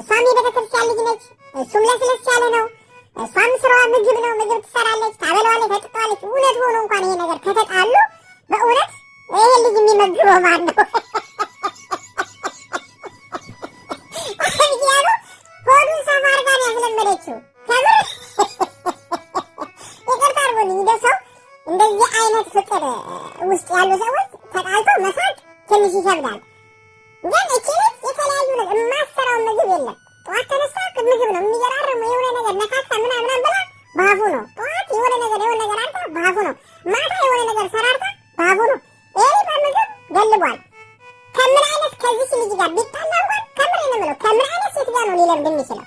እሷም የቤተክርስቲያን ልጅ ነች። እሱም ለስለስ ያለ ነው። እሷም ስራዋ ምግብ ነው። ምግብ ትሰራለች፣ ታበለዋለች፣ ታጠጣዋለች። እውነት ሆኖ እንኳን ይሄ ነገር ከተጣሉ በእውነት ይሄ ልጅ የሚመግበው ማን ነው? ያሉ ውስጥ ያሉ ሰዎች ተጣልቶ መስራት ትንሽ ይከብዳል ግን እችል የተለያዩ ነገር የማሰራውን ምግብ የለም። ጠዋት ተነሳ ምግብ ነው የሚገራርም የሆነ ነገር ነካካ ምናምናም ብላ ባፉ ነው። ጠዋት የሆነ ነገር የሆነ ነገር አርታ ባፉ ነው። ማታ የሆነ ነገር ሰራርታ ባፉ ነው። ይህ በምግብ ገልቧል። ከምን አይነት ከዚች ልጅ ጋር ቢጣላ እንኳን ከምር ነው ምለው ከምን አይነት ሴት ጋር ነው ሊለምድ የሚችለው?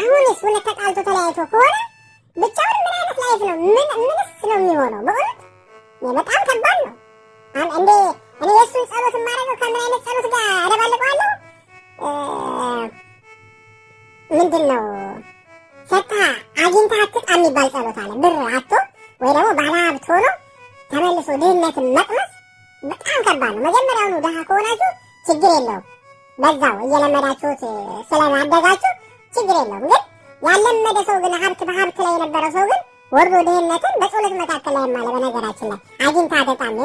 አሁን ስ ሁነት ተጣልቶ ተለያይቶ ከሆነ ብቻውን ምን አይነት ላይፍ ነው? ምን ምንስ ነው የሚሆነው? በእውነት በጣም ከባድ ነው። እንዴ እኔ የእሱን ጸሎት የማደርገው ከምን አይነት ጸሎት ጋር አደባልቀዋለሁ? ምንድን ነው ሰጣ አግኝታ አትጣ የሚባል ጸሎት አለ። ብር አቶ ወይ ደግሞ ባለሀብት ሆኖ ተመልሶ ድህነትን መቅመስ በጣም ከባድ ነው። መጀመሪያውኑ ደሃ ከሆናችሁ ችግር የለውም፣ በዛው እየለመዳችሁት ስለማደጋችሁ ችግር የለውም። ግን ያለመደ ሰው ግን ሀብት በሀብት ላይ የነበረው ሰው ግን ወርዶ ድህነትን በጸሎት መካከል ላይ ማለ በነገራችን ላይ አግኝታ አትጣ እና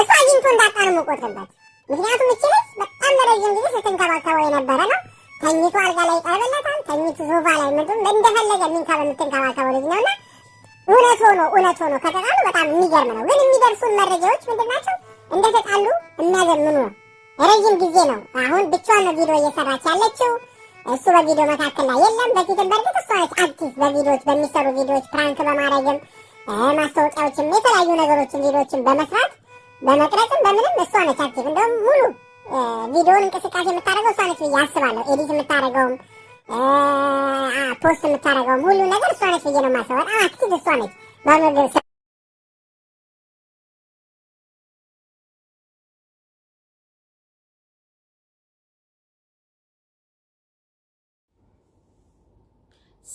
እሱ አግኝቶ እንዳጣ ነው የምቆጥርበት ምክንያቱም እችለች በጣም በረዥም ጊዜ ስትንከባከበው የነበረ ነው። ተኝቶ አልጋ ላይ ይቀርብለታል። ተኝቱ ሶፋ ላይ ምግብ እንደፈለገ የሚንከበ የምትንከባከበው ልጅ ነውና እውነት ሆኖ እውነት ሆኖ ከተጣሉ በጣም የሚገርም ነው። ግን የሚደርሱን መረጃዎች ምንድን ናቸው? እንደተጣሉ የሚያዘምኑ ነው። ረዥም ጊዜ ነው። አሁን ብቻዋን ነው ቪዲዮ እየሰራች ያለችው። እሱ በቪዲዮ መካከል ላይ የለም። በፊትም በእርግጥ እሷ አዲስ በቪዲዮዎች በሚሰሩ ቪዲዮዎች ፕራንክ በማድረግም ማስታወቂያዎችም የተለያዩ ነገሮችን ቪዲዮዎችን በመስራት በመቅረጽም በምንም እሷ ነች አዲስ እንደውም ሙሉ ቪዲዮን እንቅስቃሴ የምታደርገው እሷ ነች ብዬ አስባለሁ። ኤዲት የምታደርገውም ፖስት የምታደርገውም ሁሉ ነገር እሷ ነች ብዬ ነው የማስበው። በጣም አክቲቭ እሷ ነች በምግብ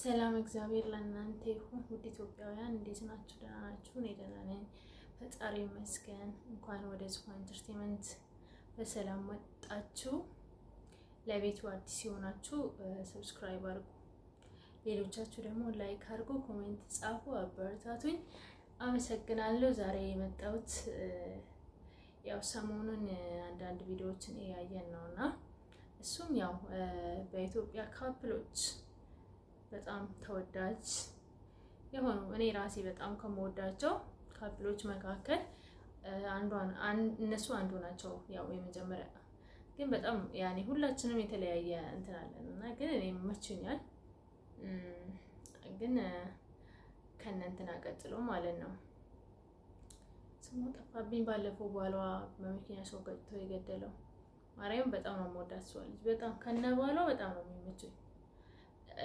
ሰላም እግዚአብሔር ለእናንተ ይሁን። ውድ ኢትዮጵያውያን እንዴት ናችሁ? ደህና ናችሁ? እኔ ደህና ነኝ፣ ፈጣሪ ይመስገን። እንኳን ወደ ዝሆን ኢንተርቴንመንት በሰላም መጣችሁ። ለቤቱ አዲስ የሆናችሁ ሰብስክራይብ አድርጉ፣ ሌሎቻችሁ ደግሞ ላይክ አድርጉ፣ ኮሜንት ጻፉ፣ አበረታቱኝ። አመሰግናለሁ። ዛሬ የመጣሁት ያው ሰሞኑን አንዳንድ ቪዲዮዎችን እያየን ነው እና እሱም ያው በኢትዮጵያ ካፕሎች በጣም ተወዳጅ የሆኑ እኔ ራሴ በጣም ከመወዳቸው ካፕሎች መካከል እነሱ አንዱ ናቸው። ያው የመጀመሪያ ግን በጣም ያኔ ሁላችንም የተለያየ እንትን አለን እና ግን እኔ መችኛል ግን ከነ እንትና ቀጥሎ ማለት ነው ስሙ ጠፋብኝ። ባለፈው ባሏ በመኪና ሰው ገጭቶ የገደለው ማርያም በጣም ነው የምወዳት ሰው በጣም ከነ ባሏ በጣም ነው የሚመቸኝ።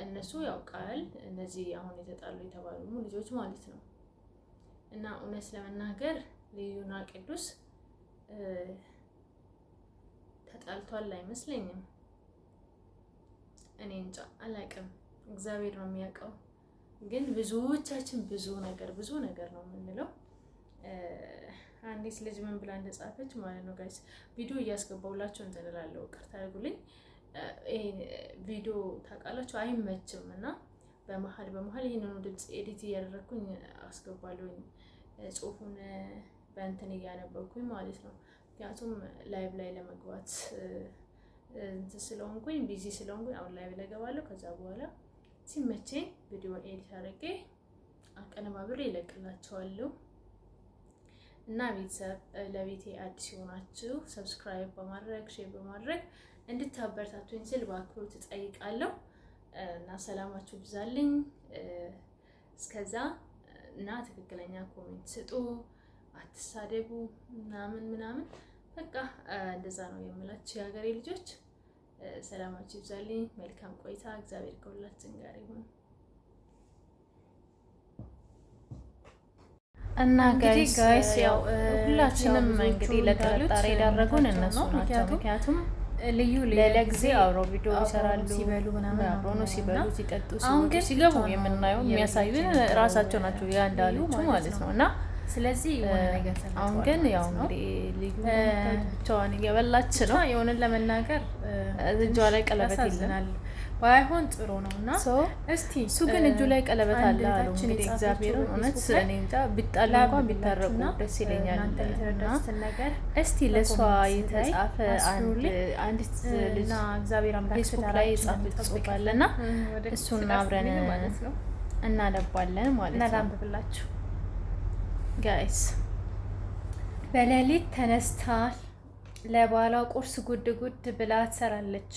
እነሱ ያው ቃል እነዚህ አሁን የተጣሉ የተባሉ ልጆች ማለት ነው እና እውነት ለመናገር ልዩና ቅዱስ ተጣልቷል አይመስለኝም። እኔ እንጃ አላውቅም፣ እግዚአብሔር ነው የሚያውቀው። ግን ብዙዎቻችን ብዙ ነገር ብዙ ነገር ነው የምንለው። አንዲት ልጅ ምን ብላ እንደጻፈች ማለት ነው ጋይስ፣ ቪዲዮ እያስገባውላቸው እንትን እላለሁ፣ ይቅርታ አድርጉልኝ። ቪዲዮ ታውቃላችሁ አይመችም እና በመሀል በመሀል ይህንኑ ድምፅ ኤዲት እያደረግኩኝ አስገባለሁኝ ጽሁፉን በእንትን እያነበብኩኝ ማለት ነው። ምክንያቱም ላይቭ ላይ ለመግባት እንትን ስለሆንኩኝ ቢዚ ስለሆንኩኝ አሁን ላይቭ ላይ ከዛ በኋላ ሲመቼ ቪዲዮ ኤዲት አድርጌ አቀነባብሬ ይለቅላቸዋለሁ። እና ቤተሰብ ለቤቴ አዲስ የሆናችሁ ሰብስክራይብ በማድረግ ሼር በማድረግ እንድታበረታቱኝ ስል በአክብሮት እጠይቃለሁ። እና ሰላማችሁ ብዛልኝ። እስከዛ እና ትክክለኛ ኮሜንት ስጡ። አትሳደቡ ምናምን ምናምን በቃ እንደዛ ነው የምላችሁ የሀገሬ ልጆች። ሰላማችሁ ይብዛልኝ። መልካም ቆይታ። እግዚአብሔር ከሁላችን ጋር ይሁን እና ጋይስ ያው ሁላችንም እንግዲህ ለጥርጣሬ የዳረጉን እነሱ ናቸው። ምክንያቱም ልዩ ሌላ ጊዜ አብረው ቪዲዮ ይሰራሉ፣ ሲበሉ ምናምን አብረው ነው ሲበሉ፣ ሲጠጡ፣ ሲገቡ የምናየው የሚያሳዩን ራሳቸው ናቸው፣ ያ እንዳሉ ማለት ነው እና ስለዚህ አሁን ግን ያው እንግዲህ ብቻዋን እየበላች ነው። የሆነን ለመናገር እጇ ላይ ቀለበት ይልናል ባይሆን ጥሩ ነው እና እስቲ እሱ ግን እጁ ላይ ቀለበት አለ አለው። እንግዲህ እግዚአብሔርን እውነት እኔ እንጃ ቢጣላ እንኳን ቢታረቁ ደስ ይለኛል። እስቲ ለእሷ የተጻፈ አንዲት ልጅ ፌስቡክ ላይ የጻፈች ጽሑፍ አለና እሱን አብረን እናነባለን ማለት ነው። እናንብብላችሁ ጋይስ በሌሊት ተነስታ ለባሏ ቁርስ ጉድ ጉድ ብላ ትሰራለች።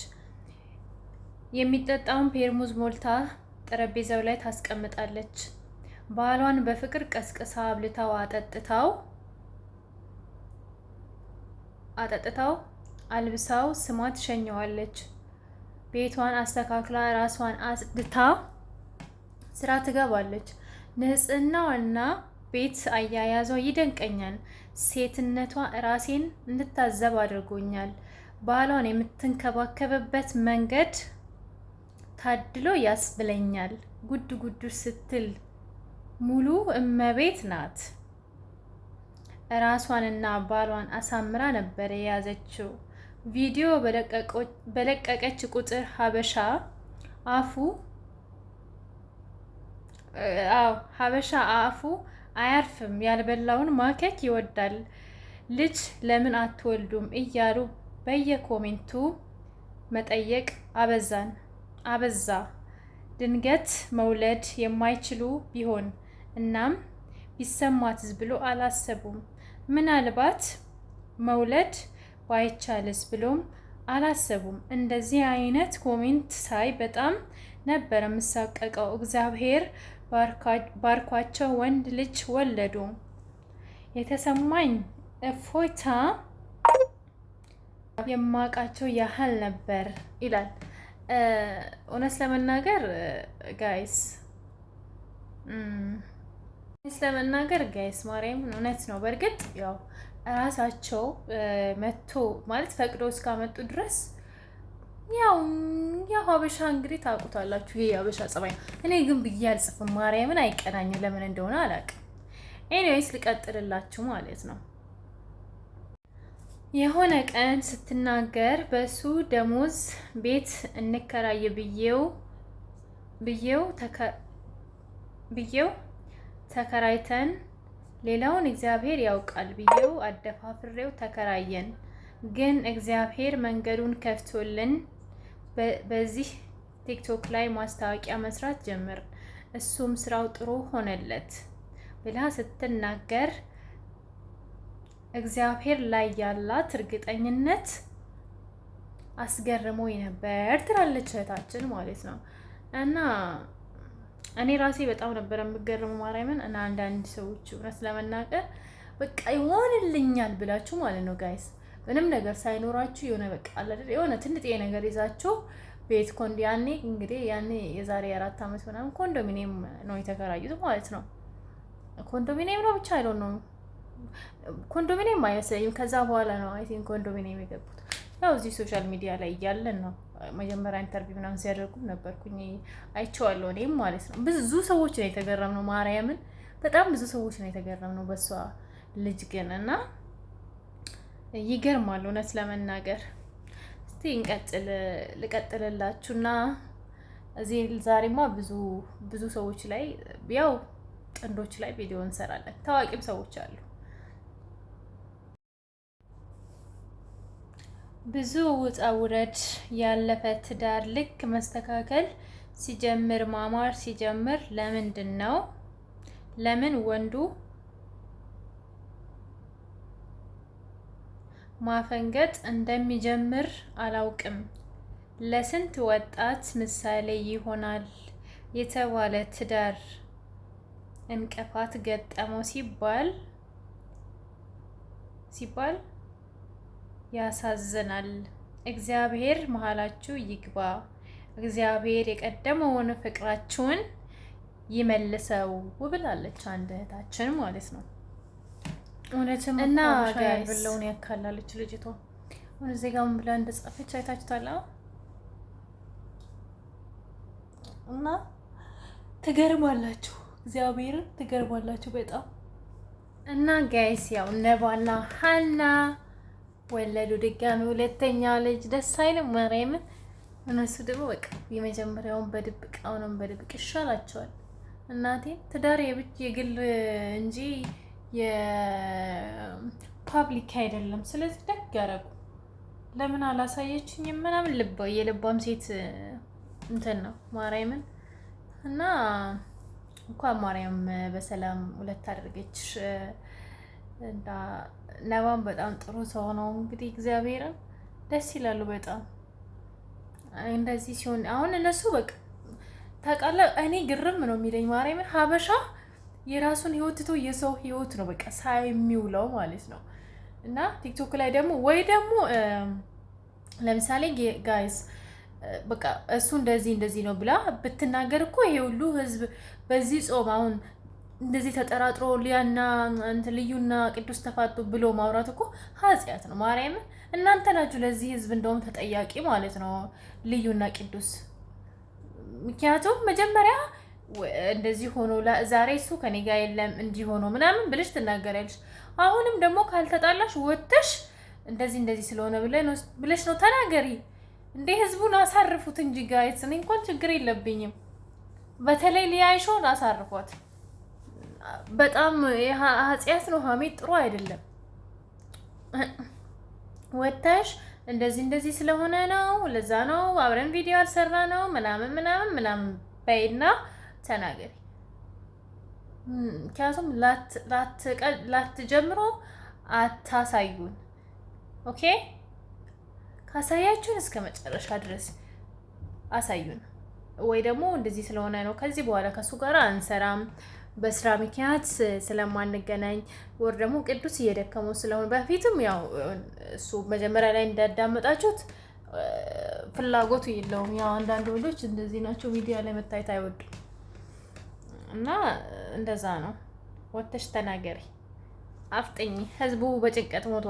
የሚጠጣውን ፔርሙዝ ሞልታ ጠረጴዛው ላይ ታስቀምጣለች። ባሏን በፍቅር ቀስቅሳ አብልታው አጠጥታው አጠጥታው አልብሳው ስማ ትሸኘዋለች። ቤቷን አስተካክላ ራሷን አጽድታ ስራ ትገባለች። ንጽህናዋና ቤት አያያዟ ይደንቀኛል። ሴትነቷ ራሴን እንድታዘብ አድርጎኛል። ባሏን የምትንከባከብበት መንገድ ታድሎ ያስብለኛል። ጉድ ጉዱ ስትል ሙሉ እመቤት ናት። ራሷንና ባሏን አሳምራ ነበር የያዘችው። ቪዲዮ በለቀቀች ቁጥር ሀበሻ አፉ አዎ ሀበሻ አፉ አያርፍም፣ ያልበላውን ማከክ ይወዳል። ልጅ ለምን አትወልዱም እያሉ በየኮሜንቱ መጠየቅ አበዛን አበዛ። ድንገት መውለድ የማይችሉ ቢሆን እናም ቢሰማትስ ብሎ አላሰቡም። ምናልባት መውለድ ባይቻልስ ብሎም አላሰቡም። እንደዚህ አይነት ኮሜንት ሳይ በጣም ነበር የምሳቀቀው። እግዚአብሔር ባርኳቸው ወንድ ልጅ ወለዱ። የተሰማኝ እፎይታ የማውቃቸው ያህል ነበር ይላል። እውነት ለመናገር ጋይስ እውነት ለመናገር ጋይስ ማርያምን እውነት ነው። በእርግጥ ያው እራሳቸው መቶ ማለት ፈቅዶ እስካመጡ ድረስ ያው ሀበሻ እንግዲህ ታውቁታላችሁ። ይሄ የሀበሻ ጸባይ ነው። እኔ ግን ብዬ አልጽፍም። ማርያምን አይቀናኝም። ለምን እንደሆነ አላውቅም። ኤኒዌይስ ልቀጥልላችሁ ማለት ነው። የሆነ ቀን ስትናገር በሱ ደሞዝ ቤት እንከራይ ብዬው ብዬው ተከራይተን ሌላውን እግዚአብሔር ያውቃል ብዬው አደፋፍሬው ተከራየን። ግን እግዚአብሔር መንገዱን ከፍቶልን በዚህ ቲክቶክ ላይ ማስታወቂያ መስራት ጀምር፣ እሱም ስራው ጥሩ ሆነለት ብላ ስትናገር እግዚአብሔር ላይ ያላት እርግጠኝነት አስገርሞኝ ነበር ትላለች እህታችን ማለት ነው። እና እኔ ራሴ በጣም ነበረ የምገርመው ማርያምን እና አንዳንድ ሰዎች እውነት ለመናገር በቃ ይሆንልኛል ብላችሁ ማለት ነው ጋይስ ምንም ነገር ሳይኖራችሁ የሆነ በቃ አለ የሆነ ትንጤ ነገር ይዛችሁ ቤት ኮንድ ያኔ እንግዲህ ያኔ የዛሬ አራት ዓመት ምናምን ኮንዶሚኒየም ነው የተከራዩት ማለት ነው። ኮንዶሚኒየም ነው ብቻ አይሎ ነው ኮንዶሚኒየም አይመስለኝም። ከዛ በኋላ ነው አይ ቲንክ ኮንዶሚኒየም የገቡት። ያው እዚህ ሶሻል ሚዲያ ላይ እያለን ነው መጀመሪያ ኢንተርቪው ምናምን ሲያደርጉም ነበርኩኝ አይቼዋለሁ። እኔም ማለት ነው ብዙ ሰዎች ነው የተገረምነው። ማርያምን በጣም ብዙ ሰዎች ነው የተገረምነው በእሷ ልጅ ግን እና ይገርማል። እውነት ለመናገር እስቲ እንቀጥል እና እዚህ ዛሬማ ብዙ ብዙ ሰዎች ላይ ያው ጥንዶች ላይ ቪዲዮ እንሰራለን። ታዋቂም ሰዎች አሉ። ብዙ ውጣ ውረድ ያለፈ ትዳር ልክ መስተካከል ሲጀምር ማማር ሲጀምር ለምንድን ነው ለምን ወንዱ ማፈንገጥ እንደሚጀምር አላውቅም። ለስንት ወጣት ምሳሌ ይሆናል የተባለ ትዳር እንቅፋት ገጠመው ሲባል ሲባል ያሳዝናል። እግዚአብሔር መሀላችሁ ይግባ። እግዚአብሔር የቀደመውን ፍቅራችሁን ይመልሰው ብላለች አንድ እህታችን ማለት ነው። እና ብለውን ያካላለች ልጅቷ አሁን እዚህ ጋር ብላ እንደጻፈች አይታችኋል። እና ትገርማላችሁ፣ እግዚአብሔርን ትገርማላችሁ በጣም እና ጋይስ ያው ነባና ሀና ወለዱ ድጋሚ ሁለተኛ ልጅ። ደስ አይልም ማርያምን። እነሱ ደግሞ በቃ የመጀመሪያውን በድብቅ አሁንም በድብቅ ይሻላቸዋል። እናቴ ትዳር የብቻ የግል እንጂ የፓብሊክ አይደለም። ስለዚህ ደግ ያደረጉ ለምን አላሳየችኝ ምናምን ልባ የልባም ሴት እንትን ነው ማርያምን እና እንኳን ማርያም በሰላም ሁለት አድርገች። ነባም በጣም ጥሩ ሰው ነው። እንግዲህ እግዚአብሔርን ደስ ይላሉ በጣም እንደዚህ ሲሆን አሁን እነሱ በቃ ታውቃለህ፣ እኔ ግርም ነው የሚለኝ ማርያምን ሀበሻ የራሱን ህይወት ትቶ የሰው ህይወት ነው በቃ የሚውለው ማለት ነው። እና ቲክቶክ ላይ ደግሞ ወይ ደግሞ ለምሳሌ ጋይስ በቃ እሱ እንደዚህ እንደዚህ ነው ብላ ብትናገር እኮ ይሄ ሁሉ ህዝብ በዚህ ጾም አሁን እንደዚህ ተጠራጥሮ ሊያና ልዩና ቅዱስ ተፋቱ ብሎ ማውራት እኮ ኃጢአት ነው። ማርያም እናንተ ናችሁ ለዚህ ህዝብ እንደውም ተጠያቂ ማለት ነው ልዩና ቅዱስ። ምክንያቱም መጀመሪያ እንደዚህ ሆኖ ዛሬ እሱ ከኔ ጋር የለም እንዲህ ሆኖ ምናምን ብልሽ ትናገሪያለሽ። አሁንም ደግሞ ካልተጣላሽ ወጥተሽ እንደዚህ እንደዚህ ስለሆነ ብለሽ ነው ተናገሪ። እንዴ ህዝቡን አሳርፉት እንጂ ጋይስ፣ እኔ እንኳን ችግር የለብኝም። በተለይ ሊያይሾን አሳርፏት። በጣም ኃጢአት ነው፣ ሀሜት ጥሩ አይደለም። ወጥተሽ እንደዚህ እንደዚህ ስለሆነ ነው ለዛ ነው አብረን ቪዲዮ አልሰራ ነው ምናምን ምናምን ምናምን በይና ተናገሪ። ምክንያቱም ላትጀምሮ አታሳዩን። ኦኬ ካሳያችሁን እስከ መጨረሻ ድረስ አሳዩን። ወይ ደግሞ እንደዚህ ስለሆነ ነው ከዚህ በኋላ ከሱ ጋር አንሰራም በስራ ምክንያት ስለማንገናኝ ወር ደግሞ ቅዱስ እየደከመው ስለሆነ በፊትም ያው እሱ መጀመሪያ ላይ እንዳዳመጣችሁት ፍላጎቱ የለውም። ያው አንዳንድ ወንዶች እንደዚህ ናቸው፣ ሚዲያ ላይ መታየት አይወዱም። እና እንደዛ ነው። ወተሽ ተናገሪ፣ አፍጠኝ። ህዝቡ በጭንቀት ሞቷል